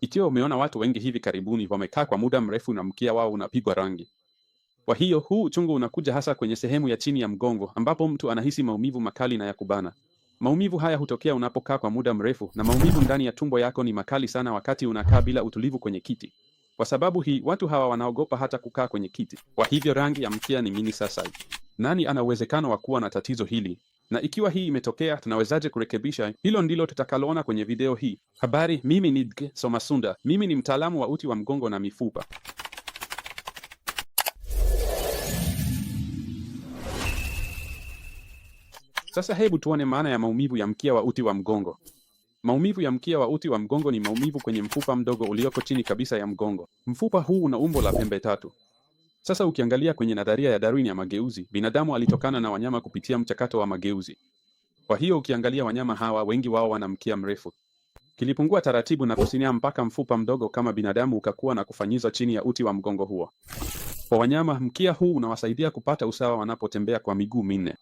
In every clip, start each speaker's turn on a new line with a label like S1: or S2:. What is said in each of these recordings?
S1: Ikiwa umeona watu wengi hivi karibuni wamekaa kwa muda mrefu na mkia wao unapigwa rangi. Kwa hiyo huu uchungu unakuja hasa kwenye sehemu ya chini ya mgongo ambapo mtu anahisi maumivu makali na ya kubana. Maumivu haya hutokea unapokaa kwa muda mrefu na maumivu ndani ya tumbo yako ni makali sana wakati unakaa bila utulivu kwenye kiti. Kwa sababu hii watu hawa wanaogopa hata kukaa kwenye kiti. Kwa hivyo rangi ya mkia ni mini sasa? Nani ana uwezekano wa kuwa na tatizo hili? na ikiwa hii imetokea, tunawezaje kurekebisha? Hilo ndilo tutakaloona kwenye video hii. Habari, mimi ni Dk. Somasunda. Mimi ni mtaalamu wa uti wa mgongo na mifupa. Sasa hebu tuone maana ya maumivu ya mkia wa uti wa mgongo. Maumivu ya mkia wa uti wa mgongo ni maumivu kwenye mfupa mdogo ulioko chini kabisa ya mgongo. Mfupa huu una umbo la pembe tatu. Sasa ukiangalia kwenye nadharia ya Darwin ya mageuzi, binadamu alitokana na wanyama kupitia mchakato wa mageuzi. Kwa hiyo ukiangalia wanyama hawa wengi wao wana mkia mrefu. Kilipungua taratibu na kusinia mpaka mfupa mdogo kama binadamu ukakuwa na kufanyizwa chini ya uti wa mgongo huo. Kwa wanyama mkia huu unawasaidia kupata usawa wanapotembea kwa miguu minne.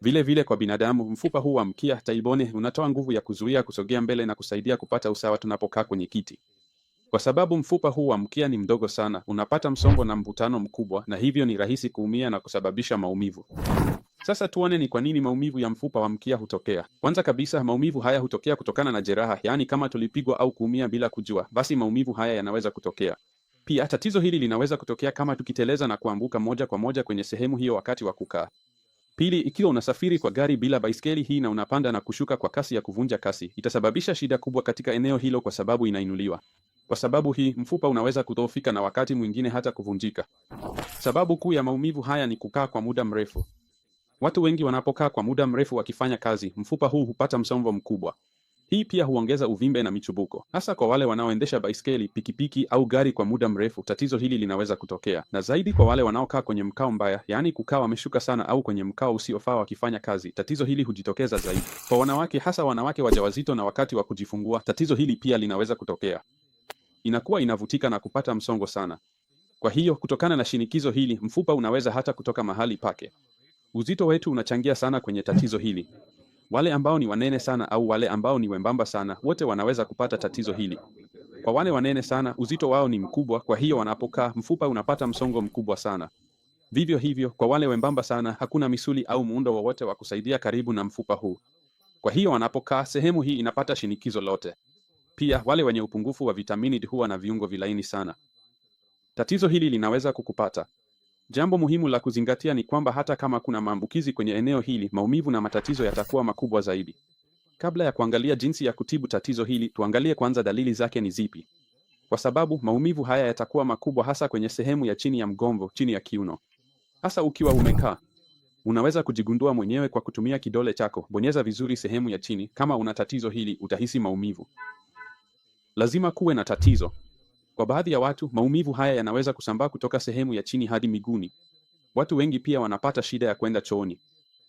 S1: Vile vile kwa binadamu mfupa huu wa mkia taibone unatoa nguvu ya kuzuia kusogea mbele na kusaidia kupata usawa tunapokaa kwenye kiti. Kwa sababu mfupa huu wa mkia ni mdogo sana, unapata msongo na mvutano mkubwa, na hivyo ni rahisi kuumia na kusababisha maumivu. Sasa tuone ni kwa nini maumivu ya mfupa wa mkia hutokea. Kwanza kabisa, maumivu haya hutokea kutokana na jeraha, yaani kama tulipigwa au kuumia bila kujua, basi maumivu haya yanaweza kutokea. Pia tatizo hili linaweza kutokea kama tukiteleza na kuanguka moja kwa moja kwenye sehemu hiyo wakati wa kukaa. Pili, ikiwa unasafiri kwa gari bila baiskeli hii na unapanda na kushuka kwa kasi ya kuvunja kasi, itasababisha shida kubwa katika eneo hilo kwa sababu inainuliwa. Kwa sababu hii, mfupa unaweza kudhoofika na wakati mwingine hata kuvunjika. Sababu kuu ya maumivu haya ni kukaa kwa muda mrefu. Watu wengi wanapokaa kwa muda mrefu wakifanya kazi, mfupa huu hupata msongo mkubwa. Hii pia huongeza uvimbe na michubuko, hasa kwa wale wanaoendesha baiskeli, pikipiki au gari kwa muda mrefu. Tatizo hili linaweza kutokea na zaidi kwa wale wanaokaa kwenye mkao mbaya, yaani kukaa wameshuka sana au kwenye mkao usiofaa wakifanya kazi. Tatizo hili hujitokeza zaidi kwa wanawake, hasa wanawake wajawazito na wakati wa kujifungua. Tatizo hili pia linaweza kutokea inakuwa inavutika na kupata msongo sana. Kwa hiyo kutokana na shinikizo hili, mfupa unaweza hata kutoka mahali pake. Uzito wetu unachangia sana kwenye tatizo hili. Wale ambao ni wanene sana au wale ambao ni wembamba sana, wote wanaweza kupata tatizo hili. Kwa wale wanene sana, uzito wao ni mkubwa, kwa hiyo wanapokaa, mfupa unapata msongo mkubwa sana. Vivyo hivyo, kwa wale wembamba sana, hakuna misuli au muundo wowote wa, wa kusaidia karibu na mfupa huu. Kwa hiyo wanapokaa, sehemu hii inapata shinikizo lote. Pia wale wenye upungufu wa vitamini D huwa na viungo vilaini sana. Tatizo hili linaweza kukupata. Jambo muhimu la kuzingatia ni kwamba hata kama kuna maambukizi kwenye eneo hili, maumivu na matatizo yatakuwa makubwa zaidi. Kabla ya kuangalia jinsi ya kutibu tatizo hili, tuangalie kwanza dalili zake ni zipi, kwa sababu maumivu haya yatakuwa makubwa hasa kwenye sehemu ya chini ya mgongo, chini ya kiuno, hasa ukiwa umekaa. Unaweza kujigundua mwenyewe kwa kutumia kidole chako. Bonyeza vizuri sehemu ya chini. Kama una tatizo hili, utahisi maumivu. Lazima kuwe na tatizo. Kwa baadhi ya watu, maumivu haya yanaweza kusambaa kutoka sehemu ya chini hadi miguuni. Watu wengi pia wanapata shida ya kwenda chooni.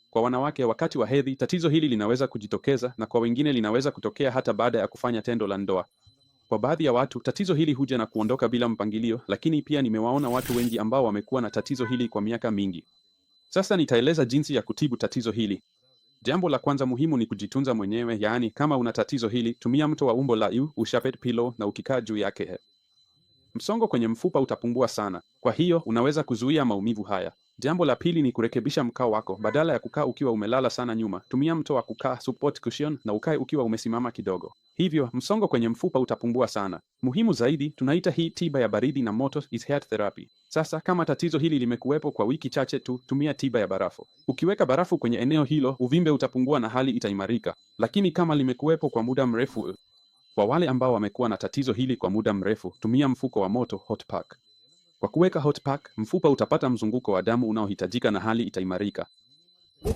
S1: Kwa wanawake wakati wa hedhi, tatizo hili linaweza kujitokeza na kwa wengine linaweza kutokea hata baada ya kufanya tendo la ndoa. Kwa baadhi ya watu, tatizo hili huja na kuondoka bila mpangilio, lakini pia nimewaona watu wengi ambao wamekuwa na tatizo hili kwa miaka mingi. Sasa nitaeleza jinsi ya kutibu tatizo hili. Jambo la kwanza muhimu ni kujitunza mwenyewe, yaani kama una tatizo hili, tumia mto wa umbo la U, ushapet pilo na ukikaa juu yake Msongo kwenye mfupa utapungua sana, kwa hiyo unaweza kuzuia maumivu haya. Jambo la pili ni kurekebisha mkao wako. Badala ya kukaa ukiwa umelala sana nyuma, tumia mto wa kukaa support cushion, na ukae ukiwa umesimama kidogo. Hivyo msongo kwenye mfupa utapungua sana. Muhimu zaidi, tunaita hii tiba ya baridi na moto is heat therapy. Sasa kama tatizo hili limekuwepo kwa wiki chache tu, tumia tiba ya barafu. Ukiweka barafu kwenye eneo hilo, uvimbe utapungua na hali itaimarika, lakini kama limekuwepo kwa muda mrefu kwa wale ambao wamekuwa na tatizo hili kwa muda mrefu, tumia mfuko wa moto hot pack. Kwa kuweka hot pack, mfupa utapata mzunguko wa damu unaohitajika na hali itaimarika.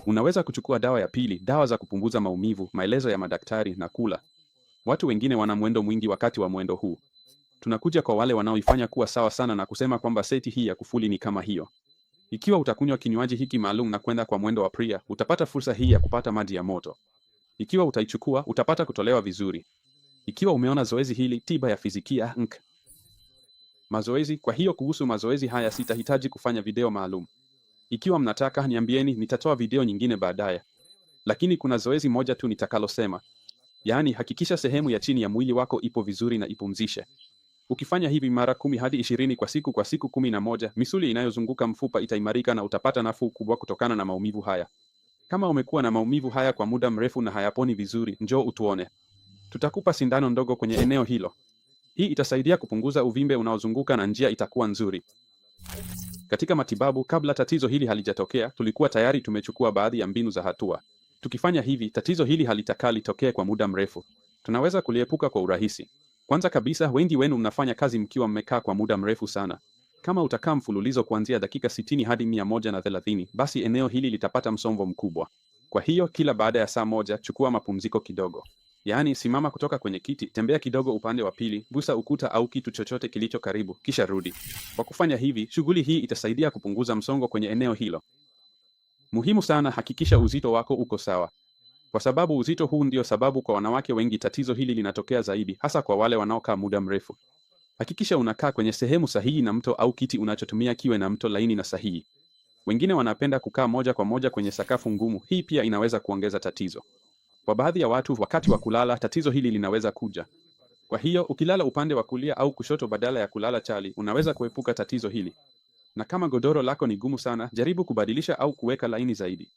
S1: Unaweza kuchukua dawa ya pili, dawa za kupunguza maumivu, maelezo ya madaktari na kula. Watu wengine wana mwendo mwingi wakati wa mwendo huu. Tunakuja kwa wale wanaoifanya kuwa sawa sana na kusema kwamba seti hii ya kufuli ni kama hiyo. Ikiwa utakunywa kinywaji hiki maalum na kwenda kwa mwendo wa Priya, utapata fursa hii ya kupata maji ya moto. Ikiwa utaichukua, utapata kutolewa vizuri. Ikiwa umeona zoezi hili, tiba ya fizikia nk. Mazoezi. Kwa hiyo kuhusu mazoezi haya sitahitaji kufanya video maalum. Ikiwa mnataka niambieni, nitatoa video nyingine baadaye, lakini kuna zoezi moja tu nitakalosema, yaani hakikisha sehemu ya chini ya mwili wako ipo vizuri na ipumzishe. Ukifanya hivi mara kumi hadi ishirini kwa siku kwa siku kumi na moja, misuli inayozunguka mfupa itaimarika na utapata nafuu kubwa kutokana na maumivu haya. Kama umekuwa na maumivu haya kwa muda mrefu na hayaponi vizuri, njoo utuone. Tutakupa sindano ndogo kwenye eneo hilo. Hii itasaidia kupunguza uvimbe unaozunguka na njia itakuwa nzuri. Katika matibabu, kabla tatizo hili halijatokea, tulikuwa tayari tumechukua baadhi ya mbinu za hatua. Tukifanya hivi, tatizo hili halitakaa litokee kwa muda mrefu. Tunaweza kuliepuka kwa urahisi. Kwanza kabisa, wengi wenu mnafanya kazi mkiwa mmekaa kwa muda mrefu sana. Kama utakaa mfululizo kuanzia dakika 60 hadi 130, basi eneo hili litapata msongo mkubwa. Kwa hiyo, kila baada ya saa moja chukua mapumziko kidogo. Yaani simama kutoka kwenye kiti, tembea kidogo upande wa pili, gusa ukuta au kitu chochote kilicho karibu, kisha rudi. Kwa kufanya hivi, shughuli hii itasaidia kupunguza msongo kwenye eneo hilo. Muhimu sana, hakikisha uzito wako uko sawa, kwa sababu uzito huu ndio sababu kwa wanawake wengi tatizo hili linatokea zaidi, hasa kwa wale wanaokaa muda mrefu. Hakikisha unakaa kwenye sehemu sahihi na mto au kiti unachotumia kiwe na mto laini na sahihi. Wengine wanapenda kukaa moja kwa moja kwenye sakafu ngumu, hii pia inaweza kuongeza tatizo. Kwa baadhi ya watu, wakati wa kulala, tatizo hili linaweza kuja. Kwa hiyo ukilala upande wa kulia au kushoto badala ya kulala chali, unaweza kuepuka tatizo hili. Na kama godoro lako ni gumu sana, jaribu kubadilisha au kuweka laini zaidi.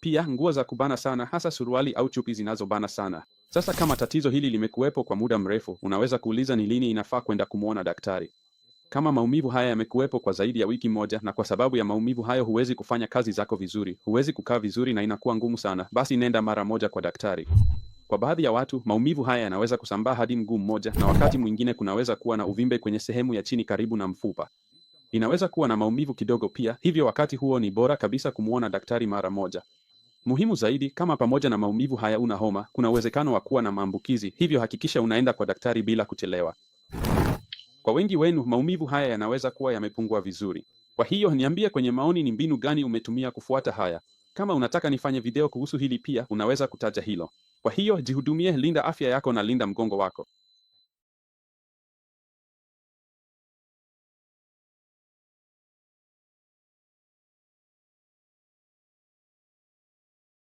S1: Pia nguo za kubana sana, hasa suruali au chupi zinazobana sana. Sasa kama tatizo hili limekuwepo kwa muda mrefu, unaweza kuuliza ni lini inafaa kwenda kumwona daktari. Kama maumivu haya yamekuwepo kwa zaidi ya wiki moja, na kwa sababu ya maumivu hayo huwezi kufanya kazi zako vizuri, huwezi kukaa vizuri na inakuwa ngumu sana, basi nenda mara moja kwa daktari. Kwa baadhi ya watu maumivu haya yanaweza kusambaa hadi mguu mmoja, na wakati mwingine kunaweza kuwa na uvimbe kwenye sehemu ya chini karibu na mfupa. Inaweza kuwa na maumivu kidogo pia, hivyo wakati huo ni bora kabisa kumwona daktari mara moja. Muhimu zaidi, kama pamoja na maumivu haya una homa, kuna uwezekano wa kuwa na maambukizi, hivyo hakikisha unaenda kwa daktari bila kuchelewa. Kwa wengi wenu maumivu haya yanaweza kuwa yamepungua vizuri. Kwa hiyo niambie kwenye maoni ni mbinu gani umetumia kufuata haya. Kama unataka nifanye video kuhusu hili pia, unaweza kutaja hilo. Kwa hiyo jihudumie, linda afya yako na linda mgongo wako.